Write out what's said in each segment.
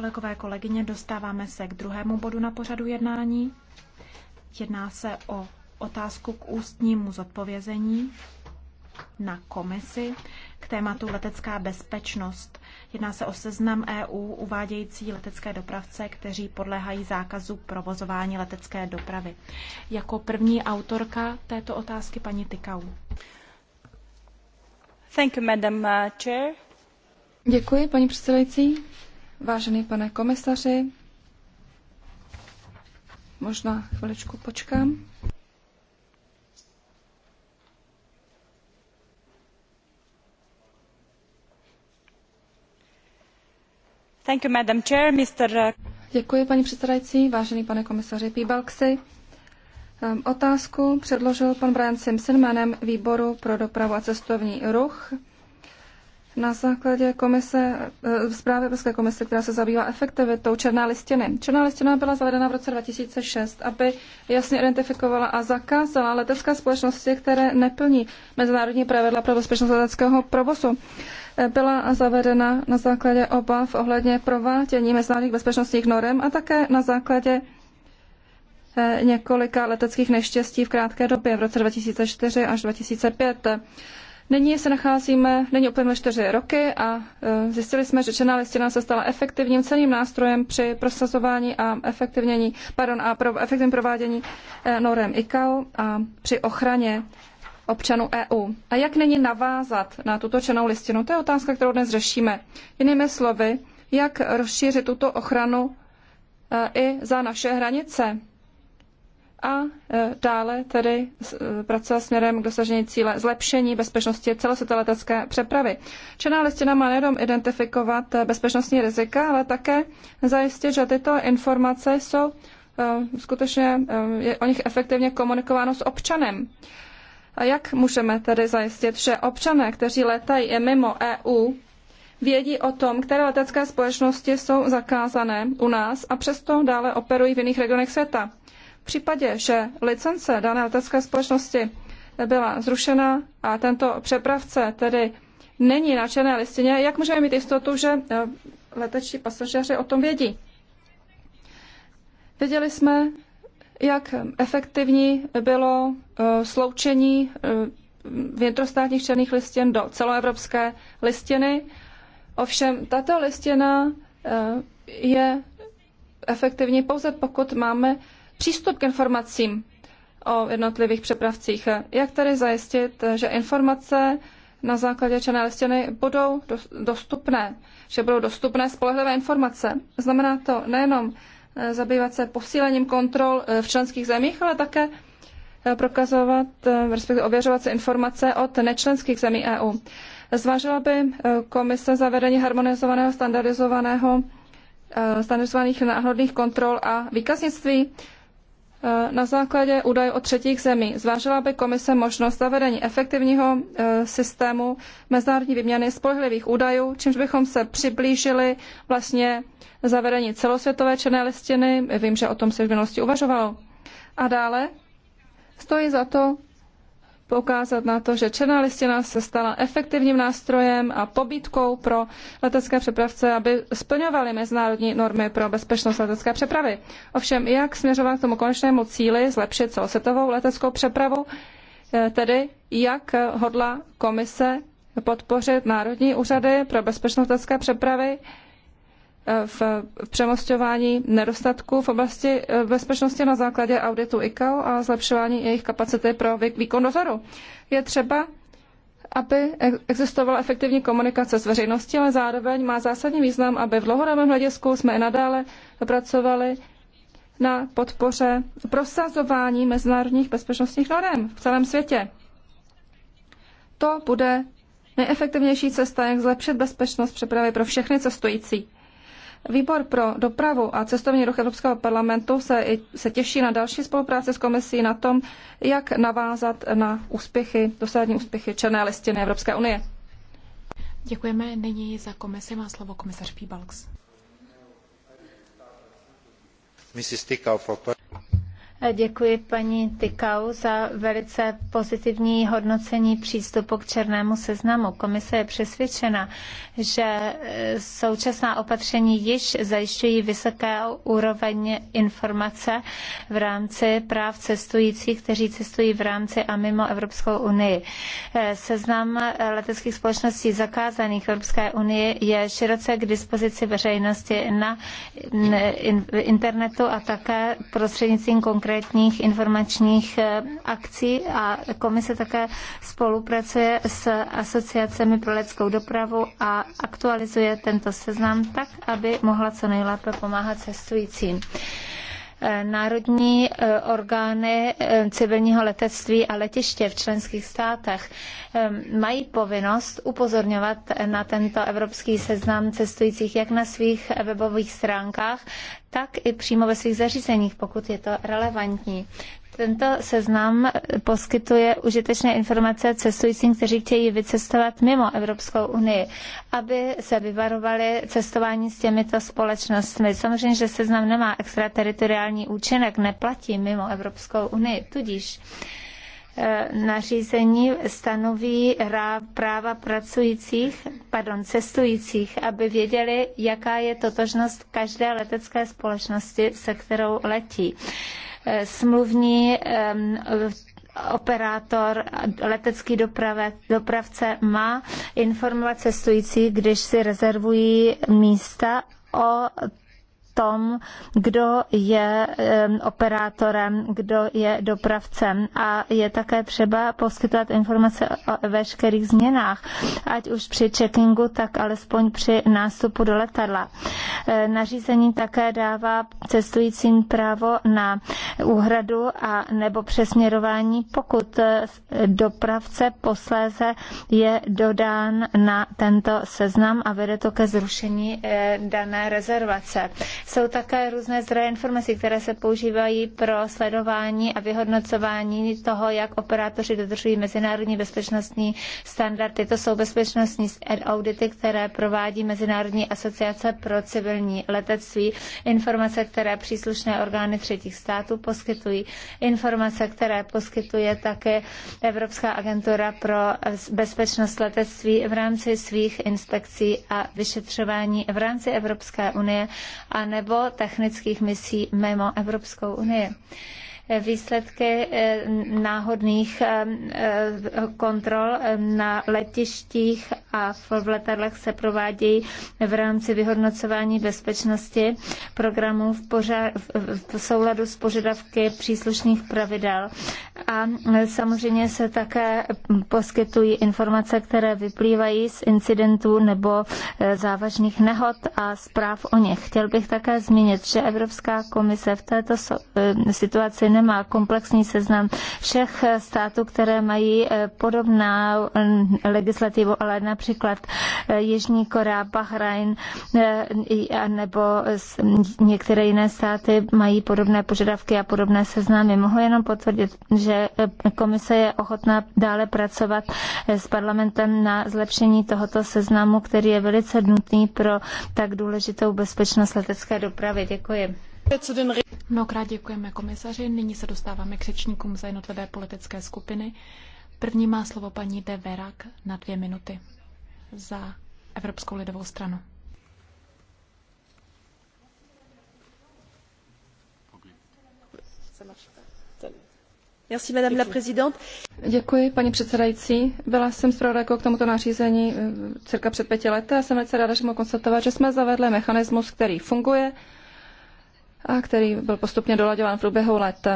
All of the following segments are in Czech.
Kolegové, kolegyně, dostáváme se k druhému bodu na pořadu jednání. Jedná se o otázku k ústnímu zodpovězení na komisi k tématu letecká bezpečnost. Jedná se o seznam EU uvádějící letecké dopravce, kteří podléhají zákazu provozování letecké dopravy. Jako první autorka této otázky paní Tykau. Thank you, madam, uh, chair. Děkuji, paní předsedající. Vážený pane komisaři, možná chviličku počkám. Thank you, Madam Chair, Mr. Uh, Děkuji, paní předsedající, vážený pane komisaři Píbalksi. Um, otázku předložil pan Brian Simpson jménem Výboru pro dopravu a cestovní ruch na základě komise, eh, zprávy Evropské komise, která se zabývá efektivitou černé listiny. Černá listina byla zavedena v roce 2006, aby jasně identifikovala a zakázala letecké společnosti, které neplní mezinárodní pravidla pro bezpečnost leteckého provozu. Eh, byla zavedena na základě obav ohledně provádění mezinárodních bezpečnostních norm a také na základě eh, několika leteckých neštěstí v krátké době v roce 2004 až 2005. Nyní se nacházíme, není uplynuli čtyři roky a e, zjistili jsme, že černá listina se stala efektivním celým nástrojem při prosazování a efektivnění, pardon, a pro, efektivním provádění e, norem ICAO a při ochraně občanů EU. A jak není navázat na tuto černou listinu? To je otázka, kterou dnes řešíme. Jinými slovy, jak rozšířit tuto ochranu e, i za naše hranice? a e, dále tedy e, pracuje směrem k dosažení cíle zlepšení bezpečnosti celosvětové letecké přepravy. Černá listina má nejenom identifikovat e, bezpečnostní rizika, ale také zajistit, že tyto informace jsou skutečně je o nich efektivně komunikováno s občanem. A jak můžeme tedy zajistit, že občané, kteří letají i mimo EU, vědí o tom, které letecké společnosti jsou zakázané u nás a přesto dále operují v jiných regionech světa? V případě, že licence dané letecké společnosti byla zrušena a tento přepravce tedy není na černé listině, jak můžeme mít jistotu, že eh, leteční pasažéři o tom vědí? Viděli jsme, jak efektivní bylo eh, sloučení eh, vnitrostátních černých listin do celoevropské listiny. Ovšem, tato listina je efektivní pouze pokud máme přístup k informacím o jednotlivých přepravcích. Jak tedy zajistit, že informace na základě černé listiny budou dostupné, že budou dostupné spolehlivé informace. Znamená to nejenom eh, zabývat se posílením kontrol eh, v členských zemích, ale také eh, prokazovat, respektive ověřovat se informace od nečlenských zemí EU. Zvážila by komise zavedení harmonizovaného, standardizovaného standardizovaných náhodných kontrol a výkaznictví Eh, na základě údajů o třetích zemí. Zvážila by komise možnost zavedení efektivního eh, systému mezinárodní výměny spolehlivých údajů, čímž bychom se přiblížili vlastně zavedení celosvětové černé listiny. Vím, že o tom se v minulosti uvažovalo. A dále stojí za to poukázat na to, že černá listina se stala efektivním nástrojem a pobídkou pro letecké přepravce, aby splňovali mezinárodní normy pro bezpečnost letecké přepravy. Ovšem, jak směřovat k tomu konečnému cíli zlepšit celosvětovou leteckou přepravu, eh, tedy jak hodla komise podpořit národní úřady pro bezpečnost letecké přepravy, Eh, v přemostování nedostatků v oblasti eh, bezpečnosti na základě auditu ICAO a zlepšování jejich kapacity pro výkon dozoru. Je třeba, aby existovala efektivní komunikace s veřejností, ale zároveň má zásadní význam, aby v dlouhodobém hledisku jsme i nadále pracovali na podpoře prosazování mezinárodních bezpečnostních norm v celém světě. To bude nejefektivnější cesta, jak zlepšit bezpečnost přepravy pro všechny cestující. Výbor pro dopravu a cestovní ruch Evropského parlamentu se, se těší na další spolupráci s komisí na tom, jak navázat na úspěchy, dosádní úspěchy Černé listiny Evropské unie. Děkujeme. Nyní za komisi má slovo komisař Píbalks. Děkuji paní Tykau za velice pozitivní hodnocení přístupu k černému seznamu. Komise je přesvědčena, že eh, současná opatření již zajišťují vysoké úroveň informace v rámci práv cestujících, kteří cestují v rámci a mimo Evropskou unii. Eh, seznam eh, leteckých společností zakázaných Evropské unii je široce k dispozici veřejnosti na internetu a také prostřednictvím konkrétních konkrétních informačních eh, akcí a komise také spolupracuje s asociacemi pro leckou dopravu a aktualizuje tento seznam tak, aby mohla co nejlépe pomáhat cestujícím. Eh, národní eh, orgány eh, civilního letectví a letiště v členských státech mají povinnost upozorňovat na tento evropský seznam cestujících jak na svých webových stránkách, tak i přímo ve svých zařízeních, pokud je to relevantní. Tento seznam poskytuje užitečné informace cestujícím, kteří chtějí vycestovat mimo Evropskou unii, aby se vyvarovali cestování s těmito společnostmi. Samozřejmě, že seznam nemá extrateritoriální účinek, neplatí mimo Evropskou unii, tudíž eh, nařízení stanoví práva pracujících, pardon, cestujících, aby věděli, jaká je totožnost každé letecké společnosti, se kterou letí. Eh, smluvní operátor, letecký doprave, dopravce má informovat cestující, když si rezervují místa o tom, kdo je operátorem, kdo je dopravcem. A je také třeba poskytovat informace o veškerých změnách, ať už při checkingu, tak alespoň při nástupu do letadla. E, nařízení také dává cestujícím právo na úhradu a nebo přesměrování, pokud e, dopravce posléze je dodán na tento seznam a vede to ke zrušení e, dané rezervace. Jsou také různé zdroje informací, které se používají pro sledování a vyhodnocování toho, jak operátoři dodržují mezinárodní bezpečnostní standardy. To jsou bezpečnostní audity, které provádí Mezinárodní asociace pro civilní letectví, informace, které příslušné orgány třetích států poskytují, informace, které poskytuje také Evropská agentura pro bezpečnost letectví v rámci svých inspekcí a vyšetřování v rámci Evropské unie a anebo technických misí mimo Evropskou unii výsledky eh, náhodných eh, eh, kontrol na letištích a v letadlech se provádějí v rámci vyhodnocování bezpečnosti programů v, v, v souladu s požadavky příslušných pravidel. A samozřejmě se také poskytují informace, které vyplývají z incidentů nebo závažných nehod a zpráv o nich. Chtěl bych také zmínit, že Evropská komise v této situaci ne nemá komplexní seznam všech států, které mají eh, podobná eh, legislativu, ale například eh, Jižní Korea, Bahrajn nebo některé jiné státy mají podobné požadavky a podobné seznamy. Mohu jenom potvrdit, že komise je ochotná dále pracovat s parlamentem na zlepšení tohoto seznamu, který je velice nutný pro tak důležitou bezpečnost letecké dopravy. Děkuji. Mnohokrát děkujeme komisaři. Nyní se dostáváme k řečníkům za jednotlivé politické skupiny. První má slovo paní De Verak na dvě minuty za Evropskou lidovou stranu. Děkuji, paní předsedající. Byla jsem zpravodajkou k tomuto nařízení eh, cirka před pěti lety a jsem velice ráda, že mohu konstatovat, že jsme zavedli mechanismus, který funguje, a který byl postupně dolaďován v průběhu let.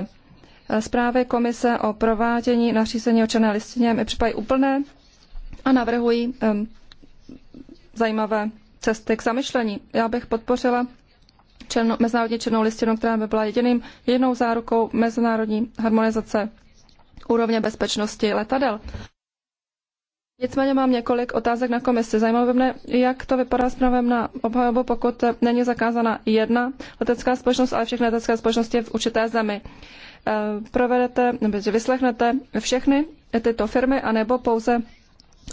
Zprávy komise o provádění nařízení o černé listině mi připadají úplné a navrhují um, zajímavé cesty k zamyšlení. Já bych podpořila černo, mezinárodní černou listinu, která by byla jediným, jednou zárukou mezinárodní harmonizace úrovně bezpečnosti letadel. Nicméně mám několik otázek na komisi. Zajímavé mne, jak to vypadá s právem na obhajobu, pokud není zakázána jedna letecká společnost, ale všechny letecké společnosti v určité zemi. Eh, provedete, nebo vyslechnete všechny tyto firmy, anebo pouze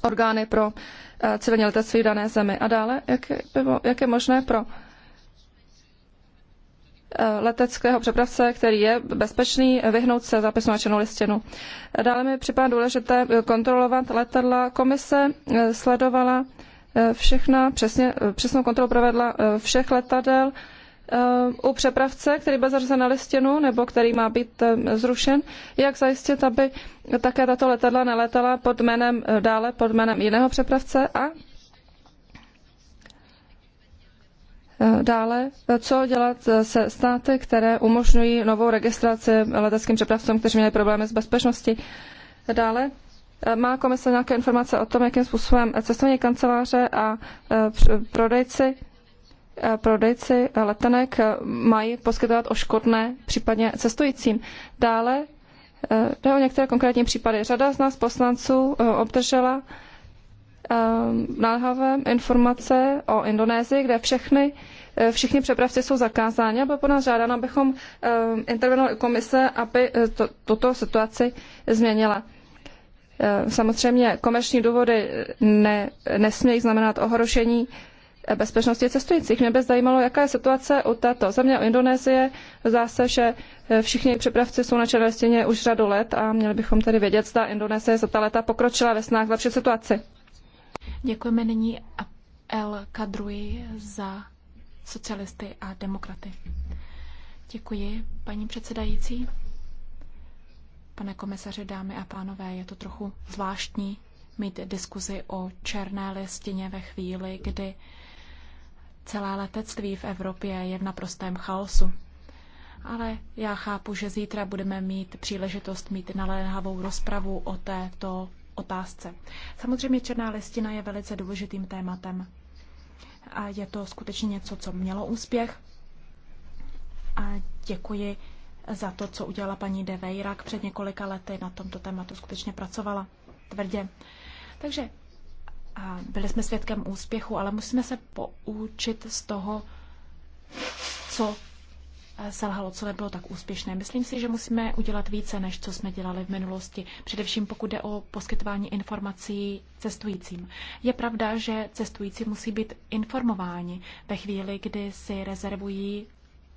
orgány pro eh, civilní letectví v dané zemi. A dále, jak, jak je možné pro Eh, leteckého přepravce, který je bezpečný, vyhnout se zápisu na černou listinu. Dále mi připadá důležité eh, kontrolovat letadla. Komise eh, sledovala všechna, přesně, přesnou kontrolu provedla všech letadel u přepravce, který byl zařazen na listinu nebo který má být zrušen, jak zajistit, aby také tato letadla neletala pod jménem dále, pod jménem jiného přepravce a Eh, dále, eh, co dělat eh, se státy, které umožňují novou registraci leteckým přepravcům, kteří měli problémy s bezpečností. Dále, má komise nějaké informace o tom, jakým způsobem cestovní kanceláře a prodejci prodejci letenek mají poskytovat oškodné případně cestujícím. Dále jde o některé konkrétní případy. Řada z nás poslanců obdržela Ehm, naléhavé informace o Indonésii, kde všechny eh, všichni přepravci jsou zakázáni a bylo po nás žádáno, abychom ehm, intervenovali komise, aby eh, to, tuto situaci změnila. Ehm, samozřejmě komerční důvody ne, nesmějí znamenat ohrožení eh, bezpečnosti cestujících. Mě by zajímalo, jaká je situace u této země, u Indonésie. Zdá se, že všichni přepravci jsou na červené už řadu let a měli bychom tedy vědět, zda Indonésie za ta léta pokročila ve snách zlepšit situaci. Děkujeme nyní El Kadruji za socialisty a demokraty. Děkuji, paní předsedající. Pane komisaři, dámy a pánové, je to trochu zvláštní mít diskuzi o černé listině ve chvíli, kdy celé letectví v Evropě je v naprostém chaosu. Ale já chápu, že zítra budeme mít příležitost mít naléhavou rozpravu o této otázce. Samozřejmě černá listina je velice důležitým tématem. A je to skutečně něco, co mělo úspěch. A děkuji za to, co udělala paní De Vejrak před několika lety. Na tomto tématu skutečně pracovala tvrdě. Takže a byli jsme svědkem úspěchu, ale musíme se poučit z toho, co selhalo, co nebylo tak úspěšné. Myslím si, že musíme udělat více, než co jsme dělali v minulosti, především pokud jde o poskytování informací cestujícím. Je pravda, že cestující musí být informováni ve chvíli, kdy si rezervují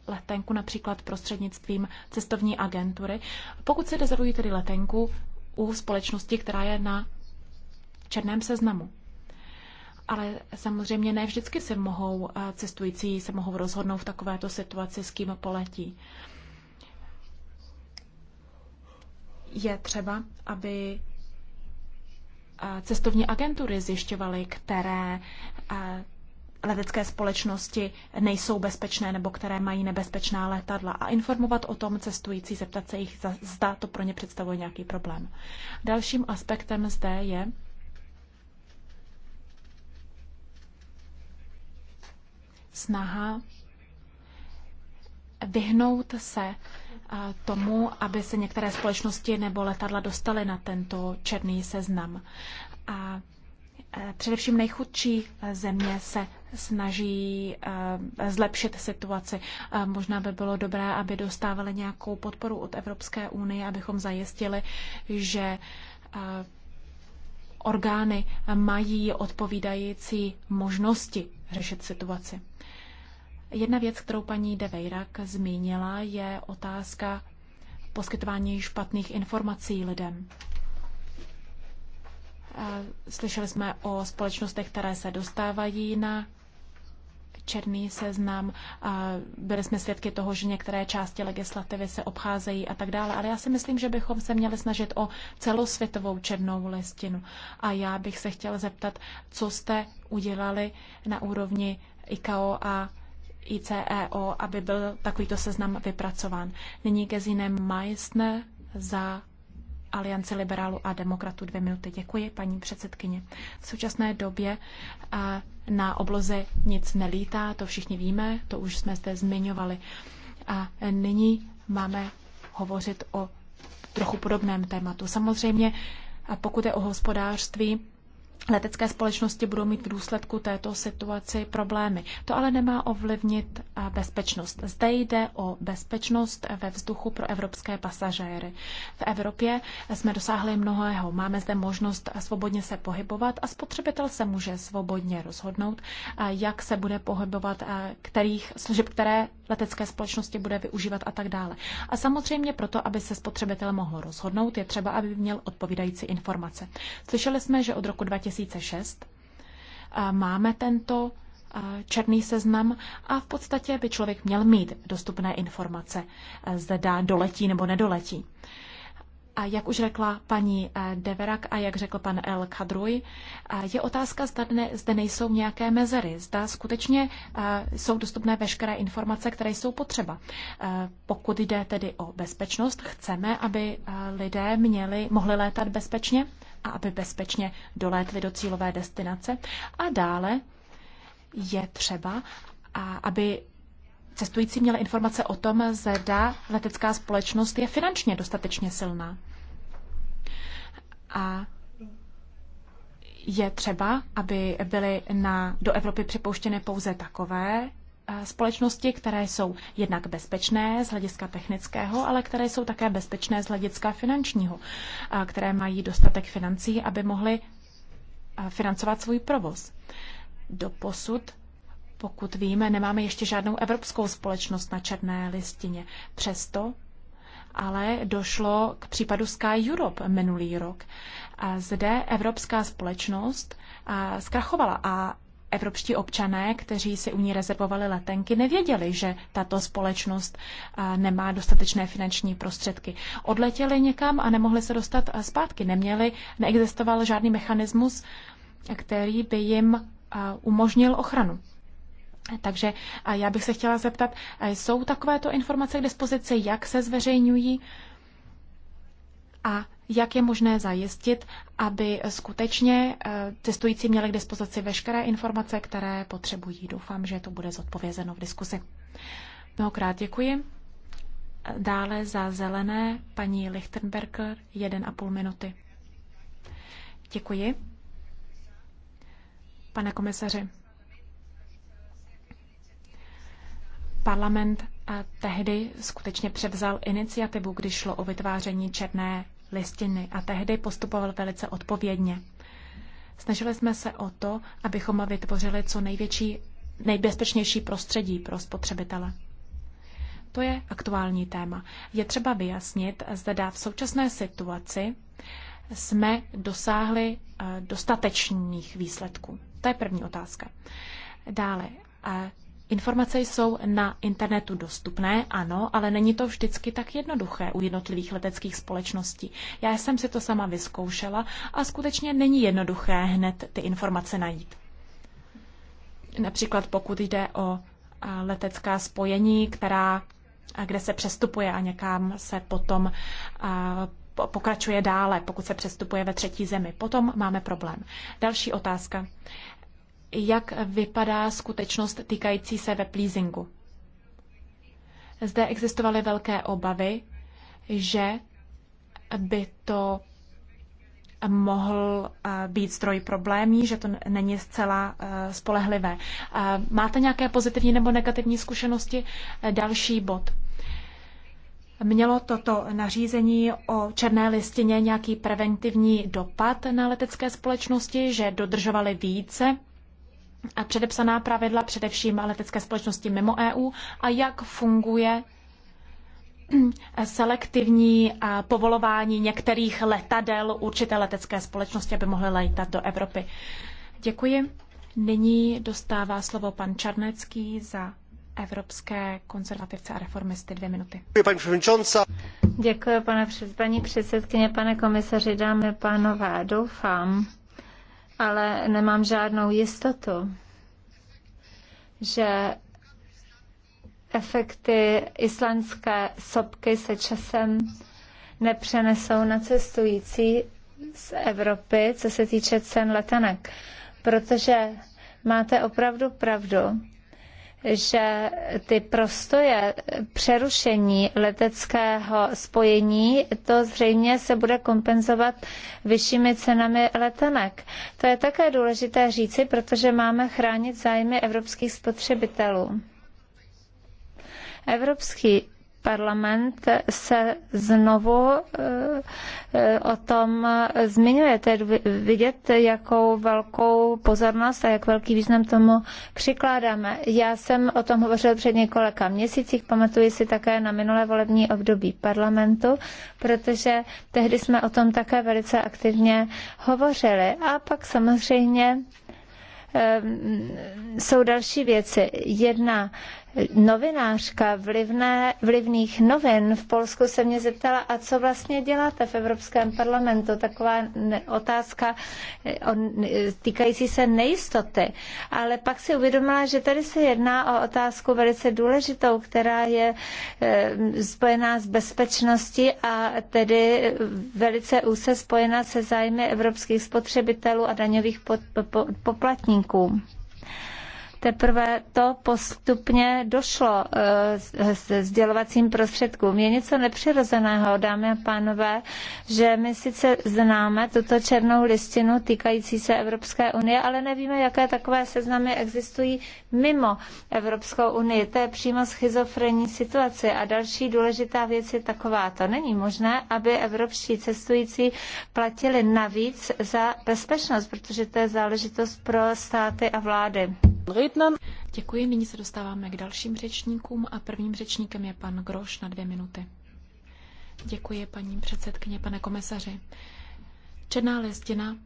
letenku například prostřednictvím cestovní agentury. Pokud si rezervují tedy letenku u společnosti, která je na černém seznamu. Ale samozřejmě ne vždycky se mohou eh, cestující se mohou rozhodnout v takovéto situaci, s kým poletí. Je třeba, aby eh, cestovní agentury zjišťovaly, které eh, letecké společnosti nejsou bezpečné nebo které mají nebezpečná letadla a informovat o tom cestující, zeptat se jich, zda to pro ně představuje nějaký problém. Dalším aspektem zde je, snaha vyhnout se tomu, aby se některé společnosti nebo letadla dostaly na tento černý seznam. A e, především nejchudší e, země se snaží e, zlepšit situaci. Možná by bylo dobré, aby dostávali nějakou podporu od Evropské unie, abychom zajistili, že orgány mají odpovídající možnosti řešit situaci. Jedna věc, kterou paní De Vejrak zmínila, je otázka poskytování špatných informací lidem. Eh, slyšeli jsme o společnostech, které se dostávají na černý seznam, byli jsme svědky toho, že některé části legislativy se obcházejí a tak dále, ale já si myslím, že bychom se měli snažit o celosvětovou černou listinu. A já bych se chtěla zeptat, co jste udělali na úrovni ICAO a ICEO, aby byl takovýto seznam vypracován. Nyní Gesine Meissner za Aliance liberálů a demokratů dvě minuty. Děkuji, paní předsedkyně. V současné době na obloze nic nelítá, to všichni víme, to už jsme zde zmiňovali. A nyní máme hovořit o trochu podobném tématu. Samozřejmě, pokud je o hospodářství, letecké společnosti budou mít v důsledku této situaci problémy. To ale nemá ovlivnit eh, bezpečnost. Zde jde o bezpečnost ve vzduchu pro evropské pasažéry. V Evropě jsme dosáhli mnohého. Máme zde možnost eh, svobodně se pohybovat a spotřebitel se může svobodně rozhodnout, eh, jak se bude pohybovat, kterých služeb, které letecké společnosti bude využívat a tak dále. A samozřejmě proto, aby se spotřebitel mohl rozhodnout, je třeba, aby měl odpovídající informace. Slyšeli jsme, že od roku 2006 máme tento černý seznam a v podstatě by člověk měl mít dostupné informace, zda doletí nebo nedoletí. A jak už řekla paní eh, Deverak a jak řekl pan El Kadruj, eh, je otázka, zda ne, zde nejsou nějaké mezery, zda skutečně eh, jsou dostupné veškeré informace, které jsou potřeba. Pokud jde tedy o bezpečnost, chceme, aby lidé měli, mohli létat bezpečně a aby bezpečně dolétli do cílové destinace. A dále je třeba, aby cestující měli informace o tom, zda letecká společnost je finančně dostatečně silná. A je třeba, aby byly na, do Evropy připouštěny pouze takové eh, společnosti, které jsou jednak bezpečné z hlediska technického, ale které jsou také bezpečné z hlediska finančního, které mají dostatek financí, aby mohly eh, financovat svůj provoz. Doposud pokud víme, nemáme ještě žádnou evropskou společnost na černé listině. Přesto ale došlo k případu Sky Europe minulý rok. A zde evropská společnost zkrachovala a evropští občané, kteří si u ní rezervovali letenky, nevěděli, že tato společnost nemá dostatečné finanční prostředky. Odletěli někam a nemohli se dostat zpátky. Neměli, neexistoval žádný mechanismus, který by jim umožnil ochranu. Takže já bych se chtěla zeptat, jsou takovéto informace k dispozici, jak se zveřejňují a jak je možné zajistit, aby skutečně eh, cestující měli k dispozici veškeré informace, které potřebují. Doufám, že to bude zodpovězeno v diskusi. Mnohokrát děkuji. Dále za zelené paní Lichtenberger 1,5 minuty. Děkuji. Pane komisaři, Parlament eh, tehdy skutečně převzal iniciativu, když šlo o vytváření černé listiny a tehdy postupoval velice odpovědně. Snažili jsme se o to, abychom vytvořili co největší, nejbezpečnější prostředí pro spotřebitele. To je aktuální téma. Je třeba vyjasnit, zda v současné situaci jsme dosáhli eh, dostatečných výsledků. To je první otázka. Dále, eh, Informace jsou na internetu dostupné, ano, ale není to vždycky tak jednoduché u jednotlivých leteckých společností. Já jsem si to sama vyzkoušela a skutečně není jednoduché hned ty informace najít. Například pokud jde o letecká spojení, která, kde se přestupuje a někam se potom a, pokračuje dále, pokud se přestupuje ve třetí zemi. Potom máme problém. Další otázka jak vypadá skutečnost týkající se web leasingu. Zde existovaly velké obavy, že by to mohl eh, být zdroj problémů, že to není zcela eh, spolehlivé. Eh, máte nějaké pozitivní nebo negativní zkušenosti? Další bod. Mělo toto nařízení o černé listině nějaký preventivní dopad na letecké společnosti, že dodržovali více a předepsaná pravidla především letecké společnosti mimo EU a jak funguje selektivní povolování některých letadel určité letecké společnosti, aby mohly létat do Evropy. Děkuji. Nyní dostává slovo pan Čarnecký za Evropské konzervativce a reformisty. Dvě minuty. Děkuji, pane paní předsedkyně, pane komisaři, dámy pánové, doufám, ale nemám žádnou jistotu, že efekty islandské sopky se časem nepřenesou na cestující z Evropy, co se týče cen letenek. Protože máte opravdu pravdu, že ty prostoje přerušení leteckého spojení, to zřejmě se bude kompenzovat vyššími cenami letenek. To je také důležité říci, protože máme chránit zájmy evropských spotřebitelů. Evropský parlament se znovu eh, eh, o tom zmiňuje. To je vidět, jakou velkou pozornost a jak velký význam tomu přikládáme. Já jsem o tom hovořil před několika měsících, pamatuji si také na minulé volební období parlamentu, protože tehdy jsme o tom také velice aktivně hovořili. A pak samozřejmě eh, jsou další věci. Jedna novinářka vlivné, vlivných novin v Polsku se mě zeptala, a co vlastně děláte v Evropském parlamentu? Taková otázka eh, týkající se nejistoty. Ale pak si uvědomila, že tady se jedná o otázku velice důležitou, která je eh, spojená s bezpečností a tedy velice úzce spojená se zájmy evropských spotřebitelů a daňových poplatníků teprve to postupně došlo eh, se sdělovacím prostředkům. Je něco nepřirozeného, dámy a pánové, že my sice známe tuto černou listinu týkající se Evropské unie, ale nevíme, jaké takové seznamy existují mimo Evropskou unii. To je přímo schizofrenní situace. A další důležitá věc je taková. To není možné, aby evropští cestující platili navíc za bezpečnost, protože to je záležitost pro státy a vlády. Děkuji, nyní se dostáváme k dalším řečníkům a prvním řečníkem je pan Groš na dvě minuty. Děkuji, paní předsedkyně, pane komisaři. Černá listina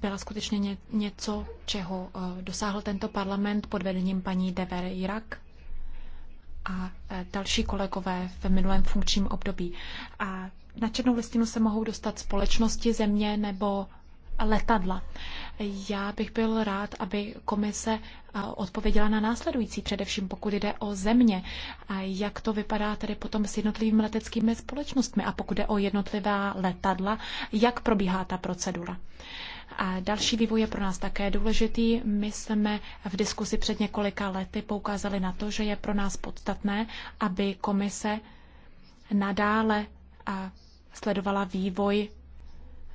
byla skutečně něco, čeho eh, dosáhl tento parlament pod vedením paní Dever Irak a eh, další kolegové v minulém funkčním období. A na černou listinu se mohou dostat společnosti, země nebo letadla. Já bych byl rád, aby komise odpověděla na následující, především pokud jde o země. A jak to vypadá tedy potom s jednotlivými leteckými společnostmi a pokud jde o jednotlivá letadla, jak probíhá ta procedura. A další vývoj je pro nás také důležitý. My jsme v diskusi před několika lety poukázali na to, že je pro nás podstatné, aby komise nadále sledovala vývoj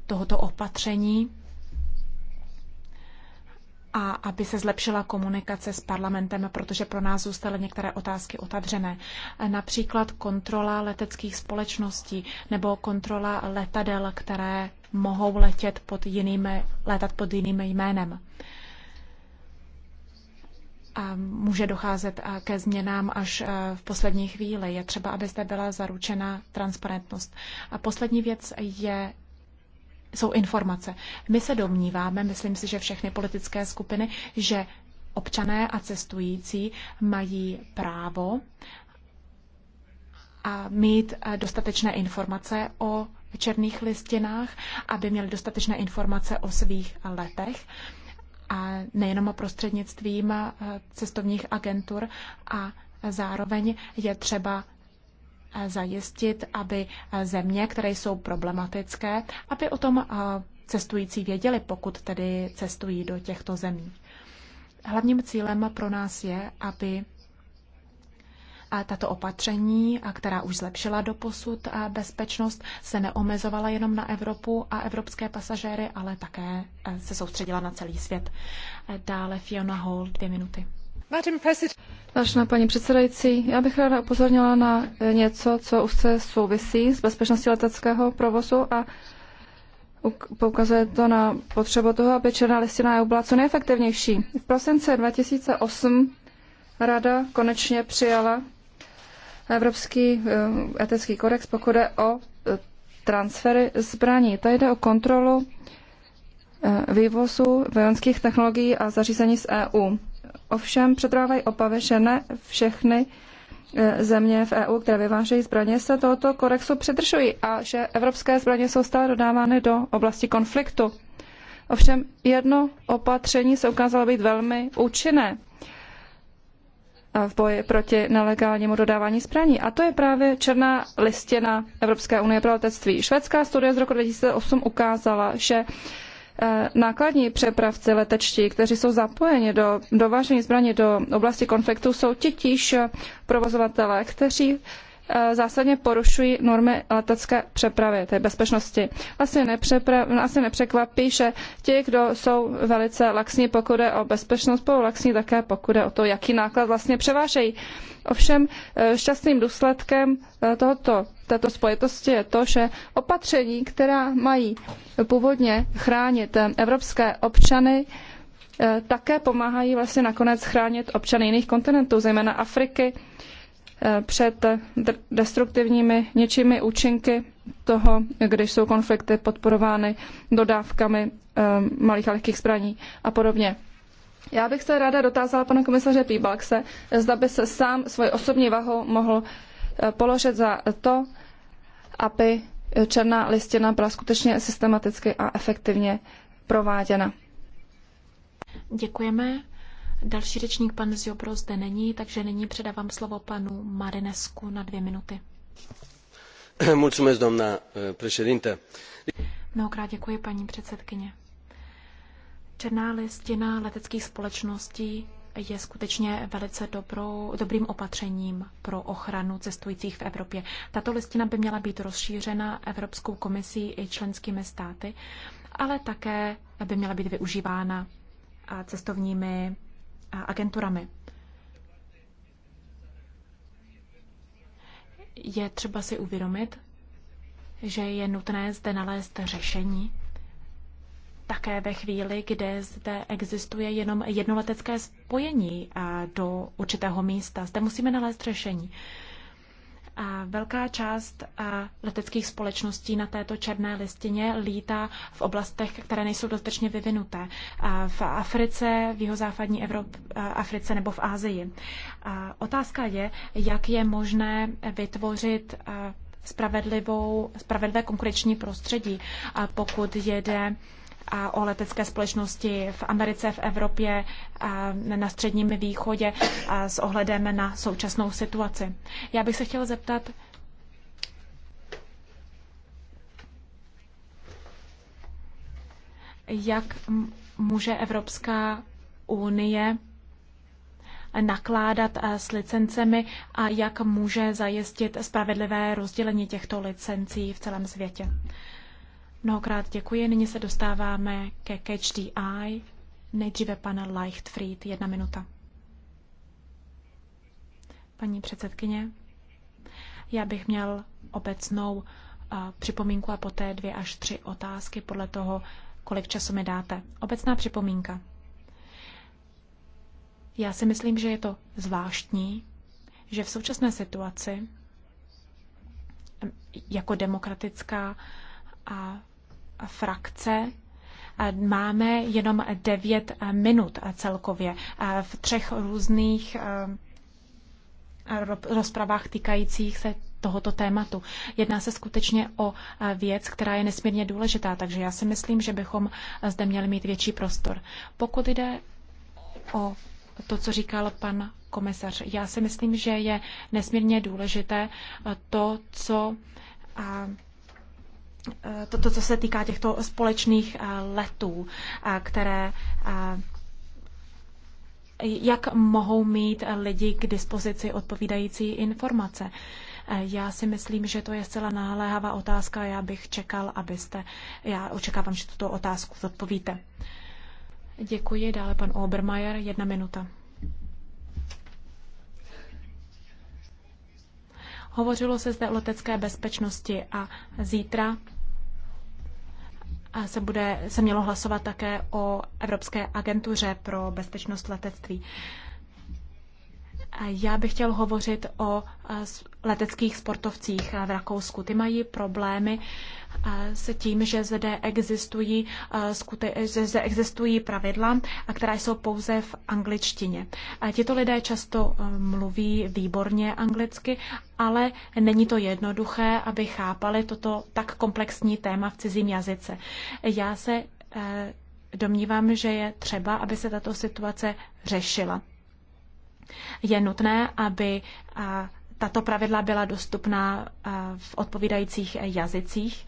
tohoto opatření a aby se zlepšila komunikace s parlamentem, protože pro nás zůstaly některé otázky otevřené. Například kontrola leteckých společností nebo kontrola letadel, které mohou letět pod jinými, letat pod jiným jménem. A může docházet ke změnám až e, v poslední chvíli. Je třeba, aby zde byla zaručena transparentnost. A poslední věc je jsou informace. My se domníváme, myslím si, že všechny politické skupiny, že občané a cestující mají právo a mít dostatečné informace o černých listinách, aby měli dostatečné informace o svých letech a nejenom prostřednictvím cestovních agentur a zároveň je třeba zajistit, aby země, které jsou problematické, aby o tom cestující věděli, pokud tedy cestují do těchto zemí. Hlavním cílem pro nás je, aby tato opatření, která už zlepšila doposud bezpečnost, se neomezovala jenom na Evropu a evropské pasažéry, ale také se soustředila na celý svět. Dále Fiona Hall, dvě minuty. Vážená paní předsedající, já bych ráda upozornila na něco, co úzce souvisí s bezpečností leteckého provozu a poukazuje to na potřebu toho, aby černá listina EU byla co nejefektivnější. V prosince 2008 Rada konečně přijala Evropský eh, etický kodex, pokud jde o eh, transfery zbraní. Tady jde o kontrolu eh, vývozu vojenských technologií a zařízení z EU. Ovšem přetrvávají opavy, že ne všechny eh, země v EU, které vyvážejí zbraně, se tohoto korexu přidržují a že evropské zbraně jsou stále dodávány do oblasti konfliktu. Ovšem jedno opatření se ukázalo být velmi účinné eh, v boji proti nelegálnímu dodávání zbraní. A to je právě černá listina Evropské unie pro letectví. Švédská studie z roku 2008 ukázala, že Eh, nákladní přepravci letečtí, kteří jsou zapojeni do dovážení zbraní do oblasti konfliktu, jsou titíž provozovatele, kteří Eh, zásadně porušují normy letecké přepravy, té bezpečnosti. Asi, nepřepra, asi nepřekvapí, že ti, kdo jsou velice laxní, pokud je o bezpečnost, budou laxní také, pokud je o to, jaký náklad vlastně převážejí. Ovšem eh, šťastným důsledkem eh, tohoto, této spojitosti je to, že opatření, která mají původně chránit evropské občany, také pomáhají vlastně nakonec chránit občany jiných kontinentů, zejména Afriky, před destruktivními něčími účinky toho, když jsou konflikty podporovány dodávkami eh, malých a lehkých zbraní a podobně. Já bych se ráda dotázala pana komisaře Píbalkse, zda by se sám svoji osobní váhou mohl eh, položit za to, aby černá listina byla skutečně systematicky a efektivně prováděna. Děkujeme. Další řečník pan Ziobro zde není, takže nyní předávám slovo panu Marinesku na dvě minuty. Mulțumesc, doamna eh, președinte. Mnohokrát děkuji, paní předsedkyně. Černá listina leteckých společností je skutečně velice dobrou, dobrým opatřením pro ochranu cestujících v Evropě. Tato listina by měla být rozšířena Evropskou komisí i členskými státy, ale také by měla být využívána cestovními agenturami. Je třeba si uvědomit, že je nutné zde nalézt řešení, také ve chvíli, kde zde existuje jenom jednoletecké spojení do určitého místa. Zde musíme nalézt řešení. Velká část leteckých společností na této černé listině lítá v oblastech, které nejsou dostatečně vyvinuté. V Africe, v jihozápadní Evropě, Africe nebo v Ázii. Otázka je, jak je možné vytvořit spravedlivou, spravedlivé konkurenční prostředí, pokud jede o letecké společnosti v Americe, v Evropě, na středním východě s ohledem na současnou situaci. Já bych se chtěla zeptat, jak může Evropská unie nakládat eh, s licencemi a jak může zajistit spravedlivé rozdělení těchto licencí v celém světě. Mnohokrát děkuji. Nyní se dostáváme ke Catch the Eye. Nejdříve pana Leichtfried. Jedna minuta. Paní předsedkyně, já bych měl obecnou eh, připomínku a poté dvě až tři otázky podle toho, kolik času mi dáte. Obecná připomínka. Já si myslím, že je to zvláštní, že v současné situaci jako demokratická a frakce máme jenom devět minut celkově v třech různých rozpravách týkajících se tohoto tématu. Jedná se skutečně o věc, která je nesmírně důležitá, takže já si myslím, že bychom zde měli mít větší prostor. Pokud jde o to, co říkal pan komisař, já si myslím, že je nesmírně důležité to, co Eh, to, to, co se týká těchto společných eh, letů, eh, které jak mohou mít lidi k dispozici odpovídající informace. Já si myslím, že to je zcela naléhavá otázka. Já bych čekal, abyste, já očekávám, že tuto otázku zodpovíte. Děkuji. Dále pan Obermajer, jedna minuta. Hovořilo se zde o letecké bezpečnosti a zítra se, bude, se mělo hlasovat také o Evropské agentuře pro bezpečnost letectví. Já bych chtěl hovořit o leteckých sportovcích v Rakousku. Ty mají problémy s tím, že zde existují, že zde existují pravidla, která jsou pouze v angličtině. Tito lidé často mluví výborně anglicky, ale není to jednoduché, aby chápali toto tak komplexní téma v cizím jazyce. Já se domnívám, že je třeba, aby se tato situace řešila. Je nutné, aby tato pravidla byla dostupná v odpovídajících jazycích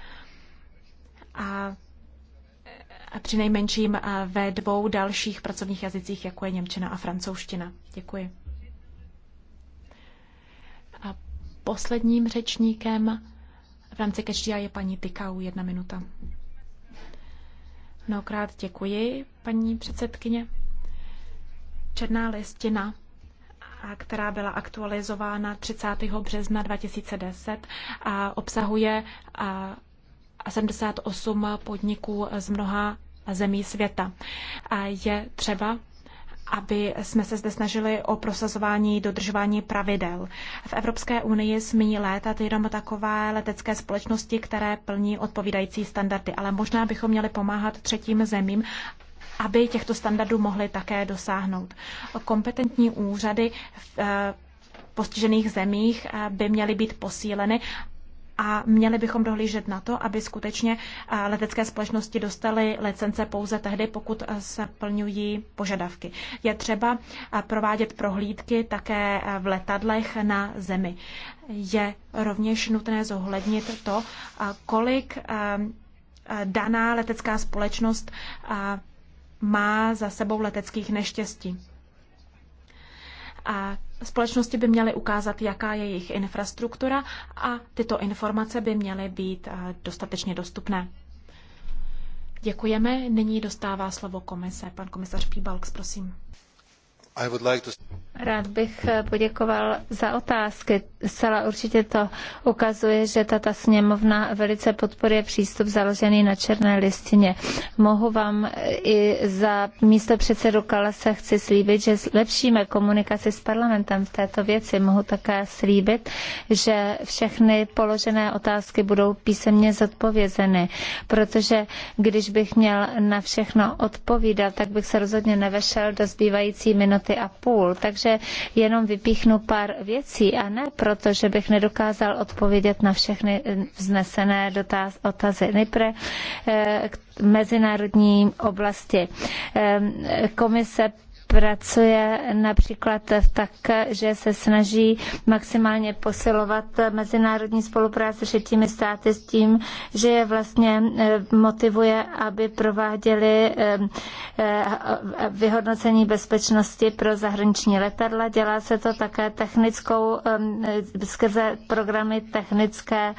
a při nejmenším ve dvou dalších pracovních jazycích, jako je Němčina a francouzština. Děkuji. A posledním řečníkem v rámci Kečtia je paní Tykau, jedna minuta. Mnohokrát děkuji, paní předsedkyně. Černá listina která byla aktualizována 30. března 2010, a obsahuje 78 podniků z mnoha zemí světa. A je třeba aby jsme se zde snažili o prosazování dodržování pravidel. V Evropské unii smí létat jenom takové letecké společnosti, které plní odpovídající standardy, ale možná bychom měli pomáhat třetím zemím, aby těchto standardů mohly také dosáhnout. Kompetentní úřady v eh, postižených zemích eh, by měly být posíleny a měli bychom dohlížet na to, aby skutečně eh, letecké společnosti dostaly licence pouze tehdy, pokud se plňují požadavky. Je třeba provádět prohlídky také v letadlech na zemi. Je rovněž nutné zohlednit to, kolik daná letecká společnost má za sebou leteckých neštěstí. A společnosti by měly ukázat, jaká je jejich infrastruktura a tyto informace by měly být eh, dostatečně dostupné. Děkujeme. Nyní dostává slovo komise. Pan komisař Píbalks, prosím. Like to... Rád bych eh, poděkoval za otázky. Zcela určitě to ukazuje, že tato sněmovna velice podporuje přístup založený na černé listině. Mohu vám eh, i za místo předsedu Kalase chci slíbit, že zlepšíme komunikaci s parlamentem v této věci. Mohu také slíbit, že všechny položené otázky budou písemně zodpovězeny, protože když bych měl na všechno odpovídat, tak bych se rozhodně nevešel do zbývající minuty a půl. Takže spíše jenom vypíchnu pár věcí a ne proto, že bych nedokázal odpovědět na všechny vznesené otázky. otazy. Nejprve eh, k mezinárodní oblasti. Komise pracuje například tak, že se snaží maximálně posilovat mezinárodní spolupráci s třetími státy s tím, že je vlastně eh, motivuje, aby prováděli eh, eh, vyhodnocení bezpečnosti pro zahraniční letadla. Dělá se to také technickou, skrze programy technické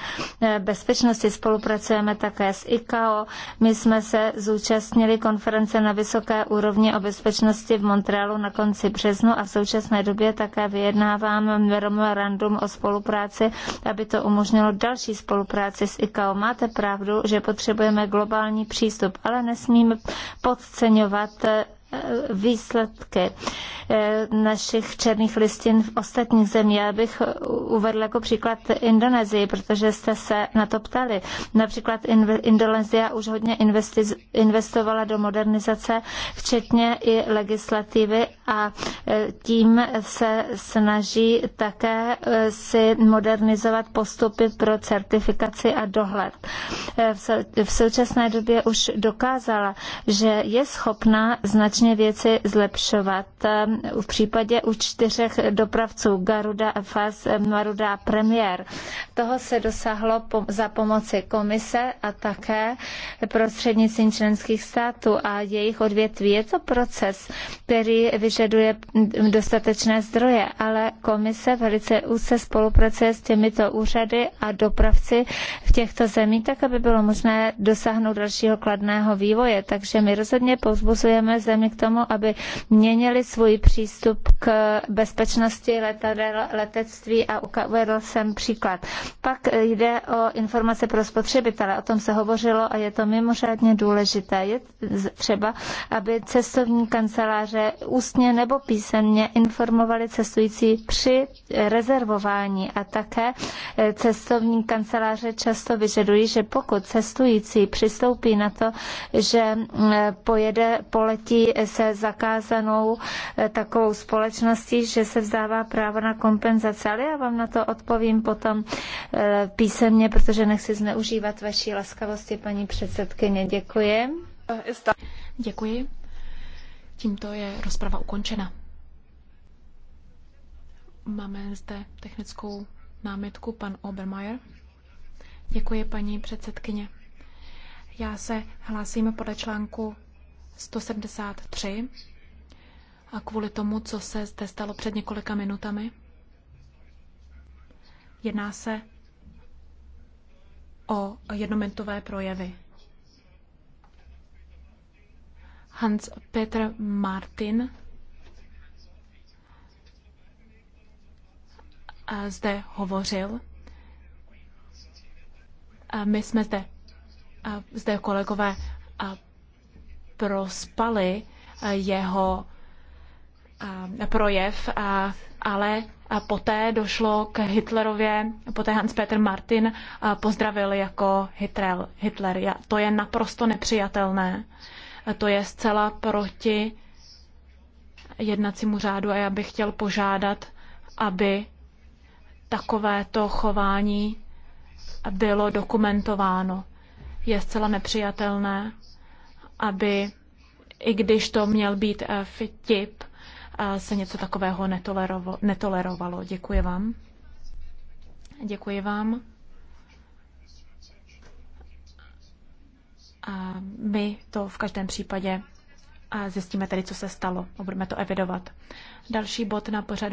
bezpečnosti. Spolupracujeme také s ICAO. My jsme se zúčastnili konference na vysoké úrovni o bezpečnosti v Montrealu na konci březnu a v současné době také vyjednávám memorandum o spolupráci, aby to umožnilo další spolupráci s ICAO. Máte pravdu, že potřebujeme globální přístup, ale nesmíme podceňovat výsledky eh, našich černých listin v ostatních zemích. Já bych uvedla jako příklad Indonésii, protože jste se na to ptali. Například Indonésie už hodně investovala do modernizace, včetně i legislativy a eh, tím se snaží také eh, si modernizovat postupy pro certifikaci a dohled. V současné době už dokázala, že je schopná značně skutečně věci zlepšovat. Ehm, v případě u čtyřech dopravců Garuda, FAS, Maruda ehm, a Toho se dosáhlo za pomoci komise a také prostřednictvím členských států a jejich odvětví. Je to proces, který vyžaduje dostatečné zdroje, ale komise velice úzce spolupracuje s těmito úřady a dopravci v těchto zemích, tak aby bylo možné dosáhnout dalšího kladného vývoje. Takže my rozhodně povzbuzujeme země k tomu, aby měnili svůj přístup k bezpečnosti letadel, letectví a uvedl jsem příklad. Pak jde o informace pro spotřebitele, o tom se hovořilo a je to mimořádně důležité. Je třeba, aby cestovní kanceláře ústně nebo písemně informovali cestující při rezervování a také cestovní kanceláře často vyžadují, že pokud cestující přistoupí na to, že pojede, poletí se zakázanou eh, takovou společností, že se vzdává právo na kompenzace. Ale já vám na to odpovím potom eh, písemně, protože nechci zneužívat vaší laskavosti, paní předsedkyně. Děkuji. Děkuji. Tímto je rozprava ukončena. Máme zde technickou námitku, pan Obermeier. Děkuji, paní předsedkyně. Já se hlásím podle článku 173 a kvůli tomu, co se zde stalo před několika minutami. Jedná se o jednominutové projevy. Hans Peter Martin eh, zde hovořil. Eh, my jsme zde, eh, zde kolegové prospali eh, jeho eh, projev, eh, ale poté došlo k Hitlerově, poté Hans-Peter Martin pozdravil jako Hitler. Hitler. To je naprosto nepřijatelné. To je zcela proti jednacímu řádu a já bych chtěl požádat, aby takovéto chování bylo dokumentováno. Je zcela nepřijatelné, aby i když to měl být eh, vtip, eh, se něco takového netolerovalo. Děkuji vám. Děkuji vám. A my to v každém případě zjistíme tedy, co se stalo budeme to evidovat. Další bod na pořadu